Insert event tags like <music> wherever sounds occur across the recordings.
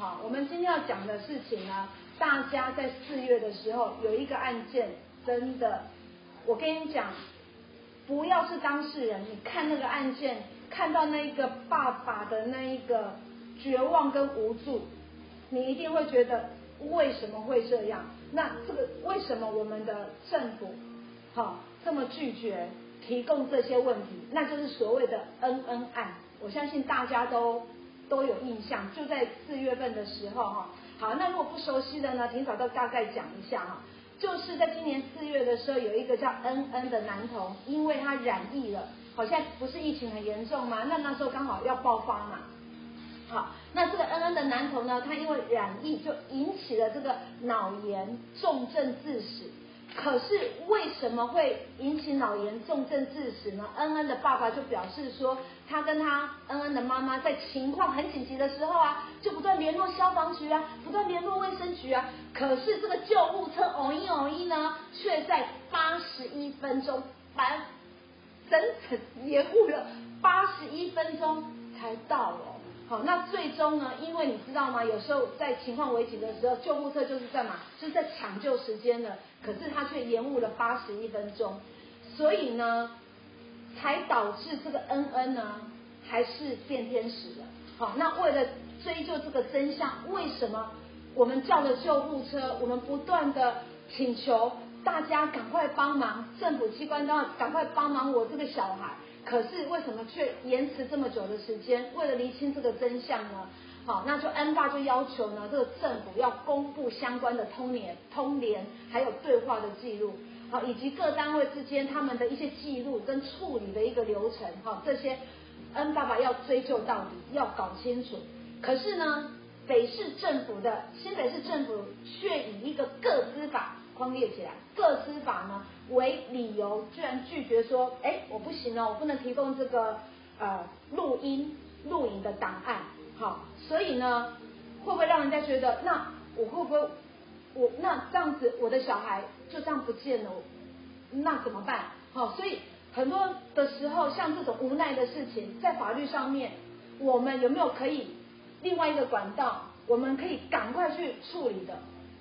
好，我們今天要講的事情呢，大家在四月的時候有一個案件，真的，我跟你講，不要是當事人，你看那個案件，看到那一個爸爸的那一個絕望跟無助，你一定會覺得為什麼會這樣？那這個為什麼我們的政府，好這麼拒絕提供這些問題？那就是所謂的恩恩案，我相信大家都。都有印象，就在四月份的時候哈。好，那如果不熟悉的呢，霆嫂就大概講一下哈。就是在今年四月的時候，有一個叫恩恩的男童，因為他染疫了，好像不是疫情很嚴重嗎？那那時候剛好要爆發嘛。好，那這個恩恩的男童呢，他因為染疫就引起了這個腦炎重症致死。可是為什麼會引起腦炎重症致死呢？恩恩的爸爸就表示說，他跟他恩恩的媽媽在情況很緊急的時候啊，就不斷聯絡消防局啊，不斷聯絡衛生局啊。可是這個救護車哦一哦一呢，卻在八十一分鐘，完整整延誤了八十一分鐘才到哦。好，那最終呢？因為你知道嗎？有時候在情況危急的時候，救護車就是在嘛？就是在搶救時間的，可是他卻延誤了八十一分鐘，所以呢，才導致這個恩恩呢還是變天使了。好，那為了追究這個真相，為什麼我們叫了救護車？我們不斷的請求大家趕快幫忙，政府機關都要趕快幫忙我這個小孩。可是為什麼卻延遲這麼久的時間？為了釐清這個真相呢？好，那就恩爸就要求呢，這個政府要公布相關的通聯、通聯還有對話的記錄，好，以及各單位之間他們的一些記錄跟處理的一個流程，好，這些恩爸爸要追究到底，要搞清楚。可是呢，北市政府的新北市政府卻以一個個資法。列起來，個資法呢為理由，居然拒絕說，哎、欸，我不行了，我不能提供這個呃錄音、錄影的檔案，好，所以呢，會不會讓人家覺得，那我會不會我那這樣子，我的小孩就這樣不見了，那怎麼辦？好，所以很多的時候，像這種無奈的事情，在法律上面，我們有沒有可以另外一個管道，我們可以趕快去處理的，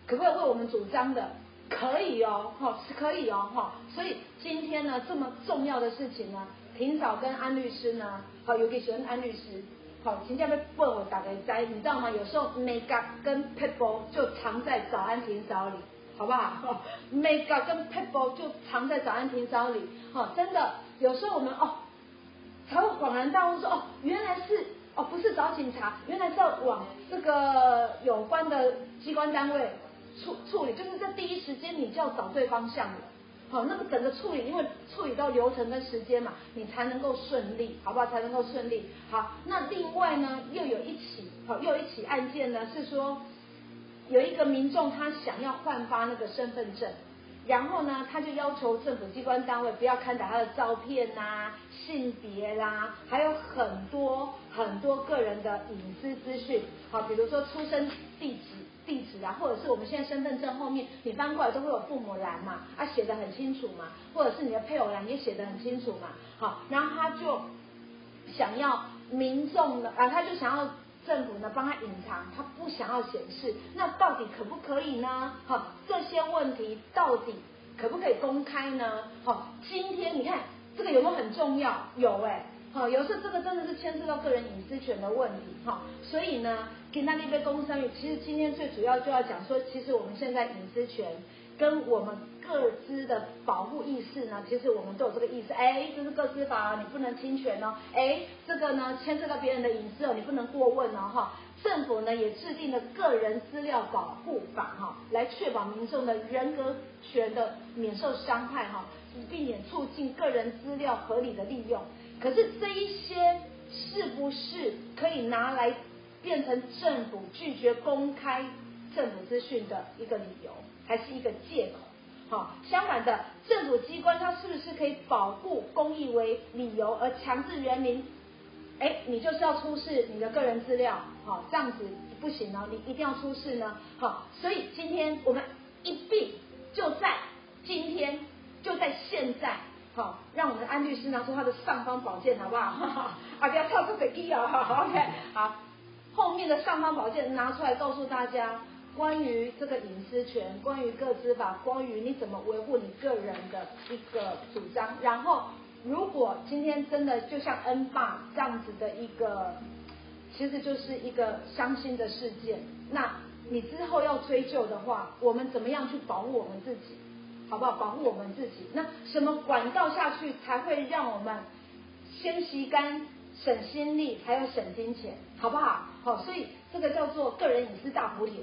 可不可以為我們主張的？可以哦，好、哦、是可以哦，哦，所以今天呢這麼重要的事情呢，霆嫂跟安律師呢，好尤其喜歡安律師，好、哦，請被面問我打個在，你知道嗎？有時候眉角跟撇步就藏在找安霆嫂裡，好不好？眉角、哦、跟撇步就藏在找安霆嫂裡、哦，真的，有時候我們哦才會恍然大悟說，哦，原來是哦不是找警察，原來是要往這個有關的機關單位。處處理就是在第一時間，你就要找對方向了。好，那麼、個、整個處理，因為處理到流程跟時間嘛，你才能夠順利，好不好？才能夠順利。好，那另外呢，又有一起，好、哦，又有一起案件呢，是說有一個民眾他想要換發那個身份證，然後呢，他就要求政府機關單位不要刊載他的照片啊，性別啦、啊，還有很多很多個人的隱私資訊，好，比如說出生地址。地址啊，或者是我們現在身份證後面，你翻過來都會有父母欄嘛，啊，寫的很清楚嘛，或者是你的配偶欄也寫的很清楚嘛，好，然後他就想要民眾呢，啊，他就想要政府呢幫他隱藏，他不想要顯示，那到底可不可以呢？好，這些問題到底可不可以公開呢？好，今天你看這個有沒有很重要？有哎、欸。好、哦，有時候這個真的是牽涉到個人隱私權的問題，哈、哦，所以呢，跟大家來共商。其實今天最主要就要講說，其實我們現在隱私權跟我們各自的保護意識呢，其實我們都有這個意識。哎、欸，這是個資法，你不能侵權哦。哎、欸，這個呢牽涉到別人的隱私哦，你不能過問哦，哈、哦。政府呢也制定了個人資料保護法，哈、哦，來確保民眾的人格權的免受傷害，哈、哦，並促進個人資料合理的利用。可是這一些是不是可以拿來變成政府拒絕公開政府資訊的一個理由，還是一個借口？好，相反的，政府機關它是不是可以保護公益為理由而強制人民？哎，你就是要出示你的個人資料，好，這樣子不行哦、啊，你一定要出示呢。好，所以今天我們一併就在今天，就在現在。好讓我們的安律師拿出他的尚方寶劍，好不好？啊，不要跳出啊！OK，好，後面的尚方寶劍拿出來，告訴大家關於這個隱私權、關於個資法，關於你怎麼維護你個人的一個主張。然後，如果今天真的就像恩爸這樣子的一個，其實就是一個傷心的事件，那你之後要追究的話，我們怎麼樣去保護我們自己？好不好保護我們自己？那什麼管道，下去才會讓我們先吸干、省心力，還有省金錢，好不好？好，所以這個叫做個人隱私大補帖。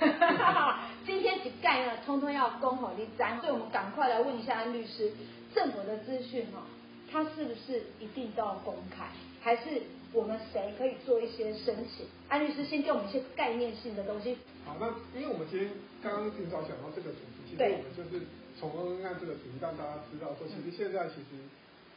<laughs> 今天只蓋呢？通通要公好，立章，我們趕快來問一下安律師，政府的資訊哈，它是不是一定都要公開，還是我們誰可以做一些申請？安律師先給我們一些概念性的東西。好，那因為我們今天剛剛提到講到這個主題，其實我們就是。從恩恩案這個主題讓大家知道說，其實現在其實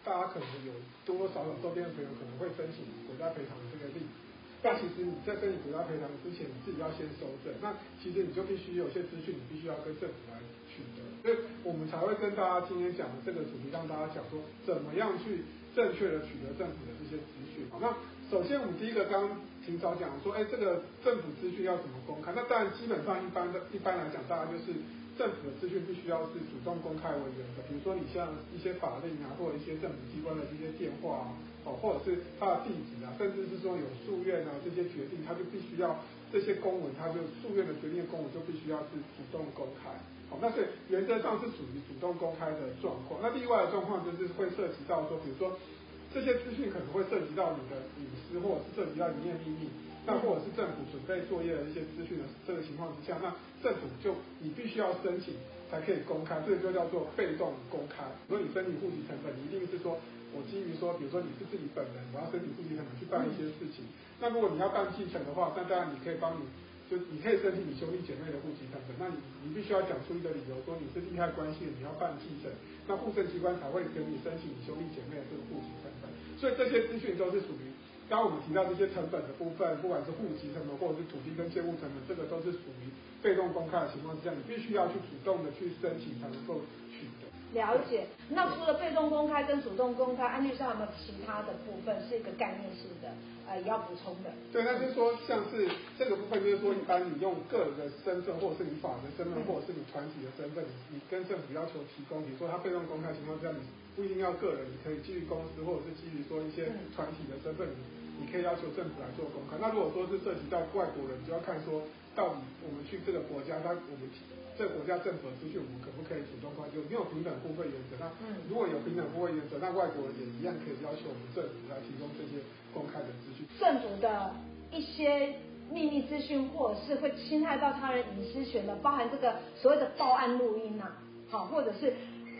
大家可能有多多少少週邊的朋友可能會申請國家賠償的這個例子，但其實你在申請國家賠償之前，你自己要先搜證，那其實你就必須有些資訊，你必須要跟政府來取得，所以我們才會跟大家今天講的這個主題，讓大家講說怎麼樣去正確的取得政府的這些資訊。好，那首先我們第一個剛剛。經常講說，哎，這個政府資訊要怎麼公開？那當然，基本上一般的，一般來講，大家就是政府的資訊必須要是主動公開為原則。比如說，你像一些法令啊，或者一些政府機關的這些電話啊，哦，或者是他的地址啊，甚至是說有訴願啊這些決定，他就必須要這些公文，他就訴願的決定的公文就必須要是主動公開。好，那所以原則上是屬於主動公開的狀況。那另外的狀況就是會涉及到說，比如說。這些資訊可能會涉及到你的隱私，或者是涉及到營業秘密，那或者是政府準備作業的一些資訊的這個情況之下，那政府就你必須要申請才可以公開，這個就叫做被動公開。如果你申請戶籍謄本，一定是說我基於說，比如說你是自己本人，我要申請戶籍謄本去辦一些事情。那如果你要辦繼承的話，那當然你可以幫你，就你可以申請你兄弟姐妹的戶籍成本，那你你必須要講出一個理由，說你是利害關係，你要辦繼承，那戶政機關才會給你申請你兄弟姐妹的這個戶籍成本。所以這些資訊都是屬於，剛剛我們提到這些成本的部分，不管是戶籍成本或者是土地跟建物成本，這個都是屬於被動公開的情況之下，你必須要去主動的去申請才能夠取得。了解，那除了被動公開跟主動公開，安律師有沒有其他的部分是一個概念性的，呃，也要補充的？對，那就是說，像是這個部分，就是說，一般你用個人的身份，或者是你法人的身份，或者是你團體的身份，你跟政府要求提供，比如說他被動公開情況下，你不一定要個人，你可以基於公司，或者是基於說一些團體的身份。你可以要求政府來做公開。那如果說是涉及到外國人，就要看說到底我們去這個國家，那我們這個國家政府的資訊我們可不可以主動公開？有沒有平等互惠原則？那如果有平等互惠原則，那外國人也一樣可以要求我們政府來提供這些公開的資訊。政府的一些祕密資訊，或者是會侵害到他人隱私權的，包含這個所謂的報案錄音啊，好，或者是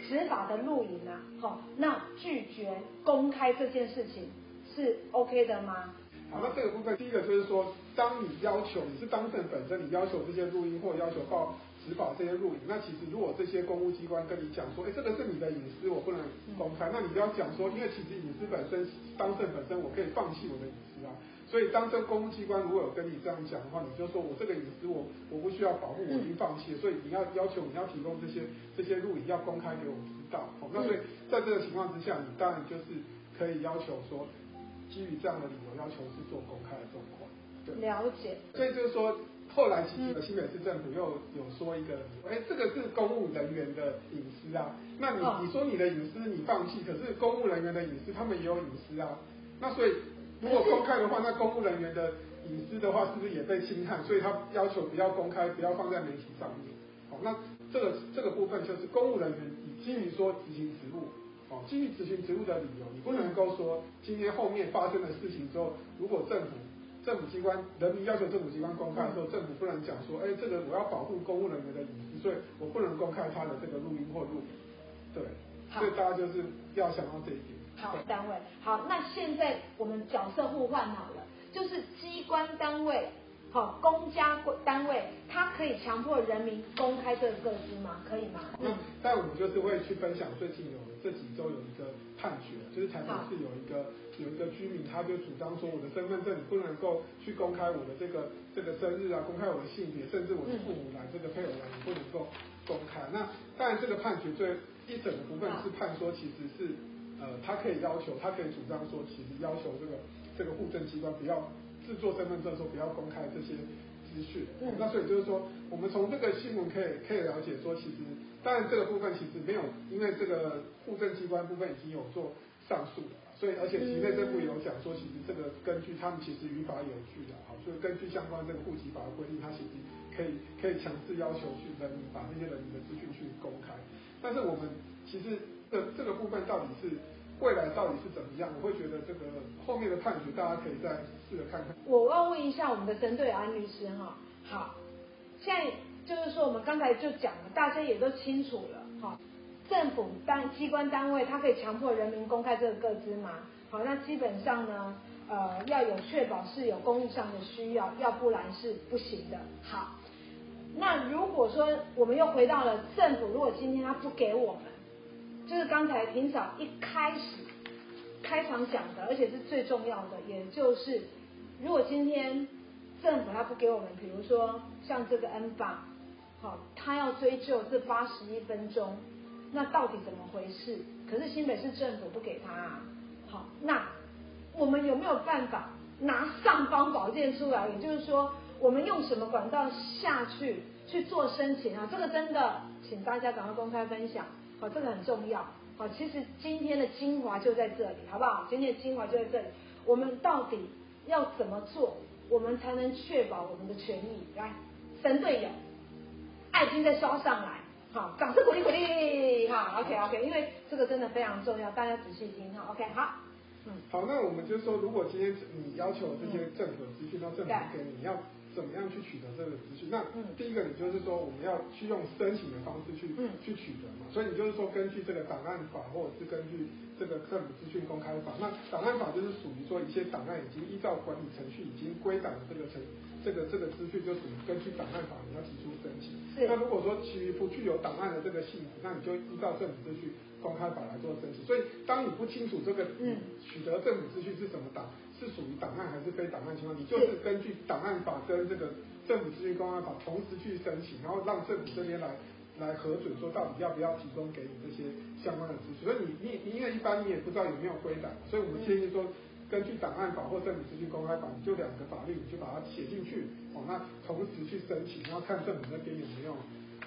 執法的錄影啊，好，那拒絕公開這件事情，是 OK 的嗎？好，那這個部分第一個就是說，當你要求你是當事人本身，你要求這些錄音或要求報執法這些錄影，那其實如果這些公務機關跟你講說，哎、欸，這個是你的隱私，我不能公開，嗯、那你就要講說，因為其實隱私本身，當事人本身我可以放棄我的隱私啊。所以當這公務機關如果有跟你這樣講的話，你就說我這個隱私我我不需要保護，我已經放棄，嗯、所以你要要求你要提供這些這些錄音要公開給我知道。好，那所以在這個情況之下，你當然就是可以要求說。基於這樣的理由，要求是做公開的狀況，對，了解。所以就是說，後來其實新北市政府又有說一個，哎、嗯欸，這個是公務人員的隱私啊。那你、哦、你說你的隱私你放棄，可是公務人員的隱私，他們也有隱私啊。那所以如果公開的話，是那公務人員的隱私的話，是不是也被侵害？所以他要求不要公開，不要放在媒體上面。好，那這個這個部分就是公務人員基於說執行職務。哦，繼續執行職務的理由，你不能夠說，今天後面發生的事情之後，如果政府、政府機關人民要求政府機關公開的時候，政府不能講說，哎、欸，這個我要保護公務人員的隱私，所以我不能公開他的這個錄音或錄影，對，好所以大家就是要想到這一點。好，單位，好，那現在我們角色互換好了，就是機關單位。好，公家單位他可以強迫人民公開這個個資嗎？可以嗎？那但我們就是會去分享最近有這幾周有一個判決，就是台北市有一個，好有，一個有一個居民，他就主張說我的身份證你不能夠去公開我的這個這個生日啊，公開我的性別，甚至我的父母欄、這個配偶欄你不能夠公開。嗯、那當然這個判決最一整個部分是判說，其實是好呃，他可以要求，他可以主張說，其實要求這個這個戶政機關不要，製作身份證的時候不要公開這些資訊，那所以就是說，我們從這個新聞可以可以了解說，其實當然這個部分其實沒有，因為這個戶政機關部分已經有做上訴了，所以而且內政部有講說，其實這個根據他們其實於法有據的啊，就根據相關這個戶籍法的規定，他其實可以可以強制要求去人民把那些人民的資訊去公開，但是我們其實這個、這個部分到底是。未來到底是怎麼樣？我會覺得這個後面的判決，大家可以再試着看看。我要問一下我們的針對安律師哈，好，現在就是說我們剛才就講了，大家也都清楚了哈。政府單機關單位，它可以強迫人民公開這個個資嗎？好，那基本上呢，呃，要有確保是有公益上的需要，要不然是不行的。好，那如果說我們又回到了政府，如果今天他不給我們。就是剛才霆嫂一開始開場講的，而且是最重要的，也就是如果今天政府他不給我們，比如說像這個恩爸，好，他要追究這八十一分鐘，那到底怎麼回事？可是新北市政府不給他，啊。好，那我們有沒有辦法拿尚方寶劍出來？也就是說，我們用什麼管道下去？去做申請啊！這個真的，請大家趕快公開分享，好，這個很重要。好，其實今天的精華就在這裡，好不好？今天的精華就在這裡，我們到底要怎麼做，我們才能確保我們的權益？來，神隊友，愛心再刷上來，好，掌聲鼓勵鼓勵，哈，OK OK，因為這個真的非常重要，大家仔細聽哈，OK，好，嗯，好，那我們就是說，如果今天你要求這些政府，必須到政府給你要。怎麼樣去取得這個資訊？那，嗯，第一個你就是說我們要去用申請的方式去，嗯，去取得嘛，所以你就是說根據這個檔案法或者是根據這個政府資訊公開法，那檔案法就是屬於說一些檔案已經依照管理程序已經歸檔的這個程序。這個這個資訊就屬於根據檔案法，你要提出申請。是。那如果說其餘不具有檔案的這個性質，那你就依照政府資訊公開法來做申請。所以，當你不清楚這個嗯取得政府資訊是什麼檔，嗯、是屬於檔案還是非檔案情況，你就是根據檔案法跟這個政府資訊公開法同時去申請，然後讓政府這邊來來核准，說到底要不要提供給你這些相關的資訊。所以你你你因為一般你也不知道有沒有歸檔，所以我們建議說。嗯根據檔案法或政府資訊公開法，你就兩個法律，你就把它寫進去哦。那同時去申請，然後看政府那邊有沒有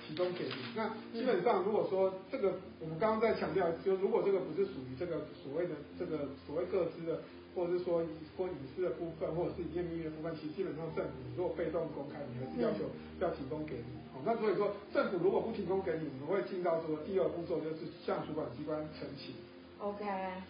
提供給你。那基本上，如果說這個我們剛剛在強調，就如果這個不是屬於這個所謂的這個所謂個資，的，或者是說隱私的部分，或者是營業秘密部分，其實基本上政府如果被動公開，你還是要求要提供給你。哦，那所以說，政府如果不提供給你，我們會進到說第二步驟，就是向主管機關申請。OK，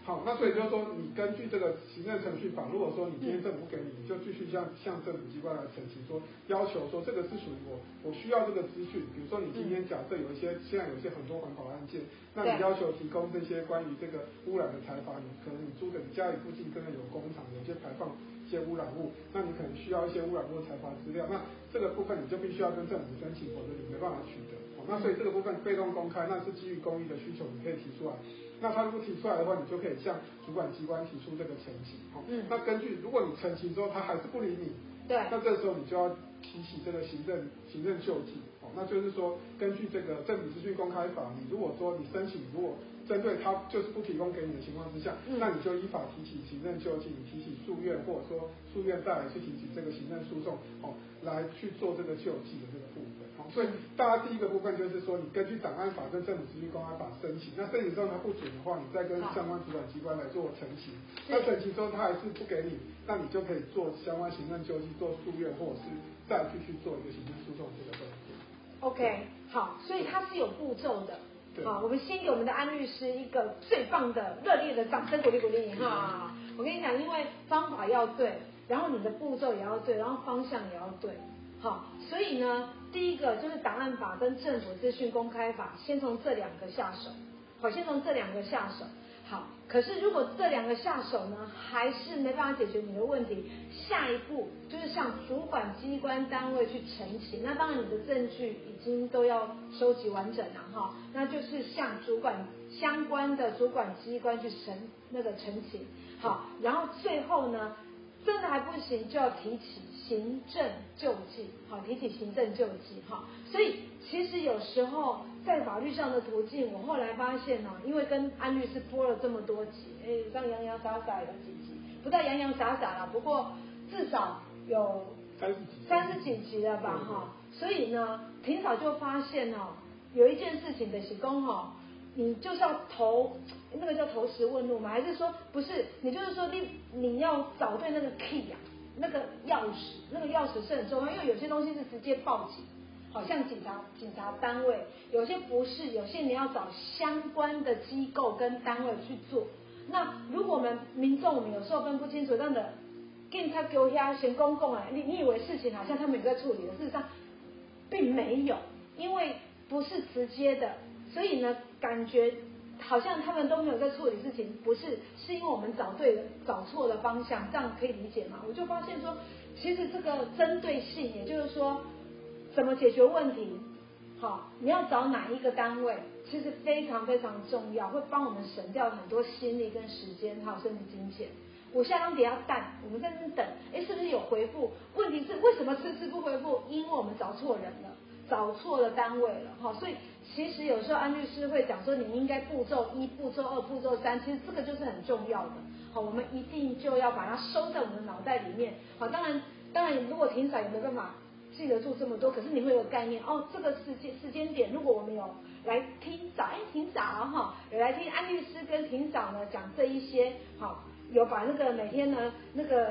好，那所以就是說，你根據這個行政程序法，如果說你今天政府不給你，你就繼續向向政府機關來申請，說要求說這個資訊我我需要這個資訊，比如說你今天假設有一些、嗯、現在有一些很多環保案件，那你要求提供這些關於這個污染的採訪，你可能你租的你家裡附近可能有工廠，有些排放。一些污染物，那你可能需要一些污染物的採樣資料，那這個部分你就必須要跟政府申請，否則你沒辦法取得。那所以這個部分被動公開，那是基於公益的需求，你可以提出來。那他如果提出來的話，你就可以向主管機關提出這個申請。好，嗯，那根據如果你申請之後，他還是不理你。對，那這時候你就要提起這個行政行政救濟，哦，那就是說根據這個政府資訊公開法，你如果說你申請，如果針對他就是不提供給你的情況之下，那你就依法提起行政救濟，你提起訴願，或者說訴願再來去提起這個行政訴訟，哦，來去做這個救濟的這個部分。所以大家第一個部分就是說，你根據檔案法跟政府資訊公開法申請，那申請上的不准的話，你再跟相關主管機關來做澄清。好那澄清之後他還是不給你，那你就可以做相關行政救濟，做訴願或者是再去去做一個行政訴訟這個東西。OK，好，所以他是有步驟的。對對好，我們先給我們的安律師一個最棒的熱烈的掌聲鼓勵鼓勵哈、啊。我跟你講，因為方法要對，然後你的步驟也要對，然後方向也要對。好，所以呢。第一個就是檔案法跟政府資訊公開法，先從這兩個下手，好，先從這兩個下手，好。可是如果這兩個下手呢，還是沒辦法解決你的問題，下一步就是向主管機關單位去陳情，那當然你的證據已經都要收集完整了哈，那就是向主管相關的主管機關去陳那個陳情。好。然後最後呢，真的還不行，就要提起，行政救濟，好提起行政救濟，哈，所以其實有時候在法律上的途徑，我後來發現呢，因為跟安律師播了這麼多集，哎，讓洋洋灑灑,灑也有幾集，不太洋洋灑灑了、啊，不過至少有三十幾三十幾集了吧，哈，所以呢，挺早就發現哦，有一件事情的，徐工哈，你就是要投那個叫投石問路嘛，還是說不是？你就是說你你要找對那個 key 呀、啊？那個鑰匙，那個鑰匙是很重要，因為有些東西是直接報警，好像警察警察單位，有些不是，有些你要找相關的機構跟單位去做。那如果我們民眾，我們有時候分不清楚，這樣的警察局遐嫌公共啊，你你以為事情好像他們在處理的，事實上並沒有，因為不是直接的，所以呢，感覺。好像他們都沒有在處理事情，不是是因為我們找對了、找錯了方向，這樣可以理解嗎？我就發現說，其實這個針對性，也就是說，怎麼解決問題，好，你要找哪一個單位，其實非常非常重要，會幫我們省掉很多心力跟時間，還有甚至金錢。我下張比較淡，我們在這等，哎，是不是有回復？問題是為什麼遲遲不回復？因為我們找錯人了，找錯了單位了，哈，所以。其實有時候安律師會講說，你應該步驟一、步驟二、步驟三，其實這個就是很重要的。好，我們一定就要把它收在我們的腦袋裡面。好，當然，當然如果霆嫂也沒辦法記得住這麼多，可是你會有概念哦。這個時間時間點，如果我們有來聽霆嫂，哎，霆嫂哈，有來聽安律師跟霆嫂呢講這一些，好，有把那個每天呢那個。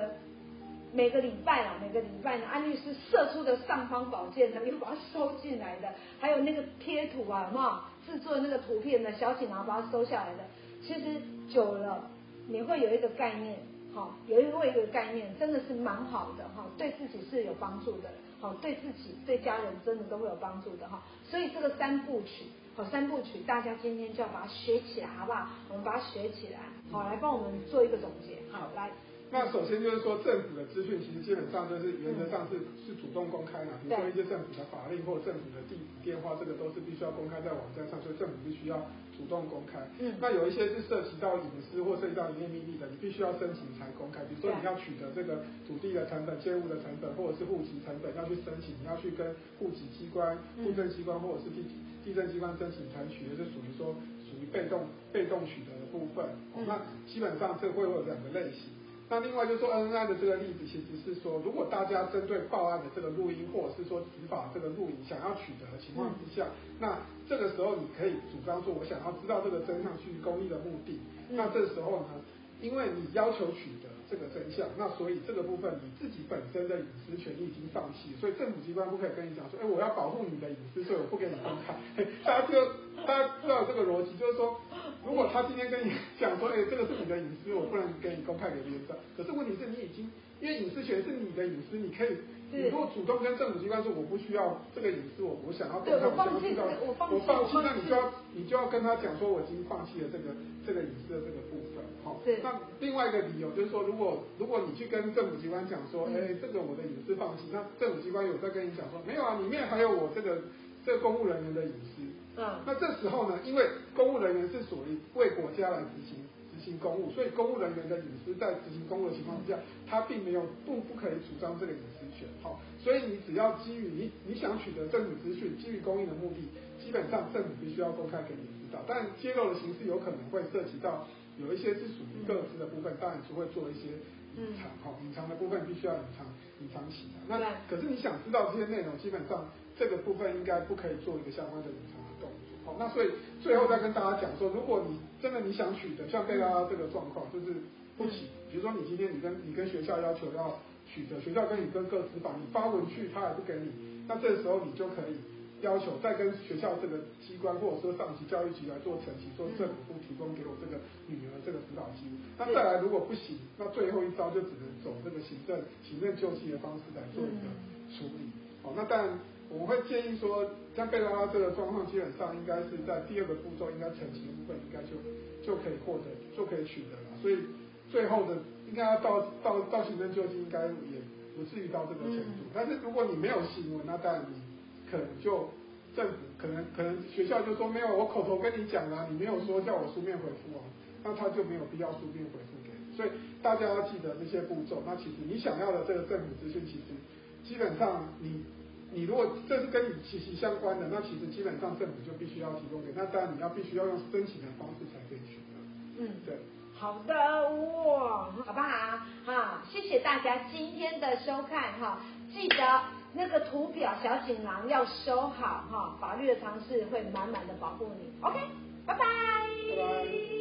每個禮拜啊，每個禮拜呢、啊，安律師射出的尚方寶劍呢，又把它收進來的，還有那個貼圖啊，哈，製作那個圖片呢，小錦囊把它收下來的。其實久了，你會有一個概念，好、喔，有一個一個概念，真的是蠻好的，哈、喔，對自己是有幫助的，好、喔，對自己對家人真的都會有幫助的，哈、喔。所以這個三部曲，好、喔，三部曲，大家今天就要把它學起來，好不好？我們把它學起來，好，來幫我們做一個總結，好，來。那首先就是說，政府的資訊其實基本上就是原則上是是主動公開嘛。比如說一些政府的法令或者政府的地址電話，這個都是必須要公開在網站上，所以政府必須要主動公開。嗯。那有一些是涉及到隱私或涉及到營業秘密的，你必須要申請才公開。比如說你要取得這個土地的成本、建物的成本或者是戶籍成本，要去申請，你要去跟戶籍機關、戶政機關或者是地地政機關申請才取得，是屬於說屬於被動被動取得的部分。那基本上是會有兩個類型。那另外就說恩恩的這個例子，其實是說，如果大家針對報案的這個錄音，或者是說執法這個錄音想要取得的情況之下，那這個時候你可以主張說，我想要知道這個真相去公益的目的。那這時候呢，因為你要求取得這個真相，那所以這個部分你自己本身的隱私權益已經放棄，所以政府機關不可以跟你講說，哎、欸，我要保護你的隱私，所以我不給你公開。大家就大家知道這個邏輯，就是說。如果他今天跟你講說，哎，這個是你的隱私，我不能給你公開給別人知道。可是問題是你已經，因為隱私權是你的隱私，你可以，你如果主動跟政府機關說，我不需要這個隱私，我我想要公開，我想要知道，我放棄，那你就要，你就要跟他講說，我已經放棄了這個，這個隱私的這個部分，好。那另外一個理由就是說，如果如果你去跟政府機關講說，哎，這個我的隱私放棄，那政府機關有在跟你講說，沒有啊，裡面還有我這個。這個公務人員的隱私，嗯，那這時候呢，因為公務人員是屬於為國家來執行執行公務，所以公務人員的隱私在執行公務的情況下，他並沒有不不可以主張這個隱私權，好、哦，所以你只要基於你你想取得政府資訊，基於公益的目的，基本上政府必須要公開給你知道，但揭露的形式有可能會涉及到有一些是屬於個資的部分，當然就會做一些隱藏，好、哦，隱藏的部分必須要隱藏隱藏起來，那可是你想知道這些內容，基本上。這個部分應該不可以做一個相關的審查動作。好，那所以最後再跟大家講說，如果你真的你想取得像貝拉這個狀況，就是不行。比如說你今天你跟你跟學校要求要取得，學校跟你跟各指管，你發文去他還不給你，那這個時候你就可以要求再跟學校這個機關，或者說上級教育局來做成績說政府部提供給我這個女兒這個指導機。那再來如果不行，那最後一招就只能走這個行政行政救濟的方式來做一個處理。嗯、好，那但。我們會建議說，像貝拉拉這個狀況基本上應該是在第二個步驟，應該成型的部分應該就就可以獲得，就可以取得了。所以最後的應該要到到到，到行政救濟，應該也不至於到這個程度。嗯、但是如果你沒有行為，那當然你可能就政府可能可能學校就說沒有，我口頭跟你講了、啊，你沒有說叫我書面回復啊，那他就沒有必要書面回復給你。所以大家要記得那些步驟。那其實你想要的這個政府資訊，其實基本上你，你如果這是跟你息息相關的，那其實基本上政府就必須要提供給，那當然你要必須要用申請的方式才可以取得。嗯，對，好的哇，好不好？好，謝謝大家今天的收看哈，記得那個圖表小錦囊要收好哈，法律的常識會滿滿的保護你。嗯、OK，拜拜。Bye bye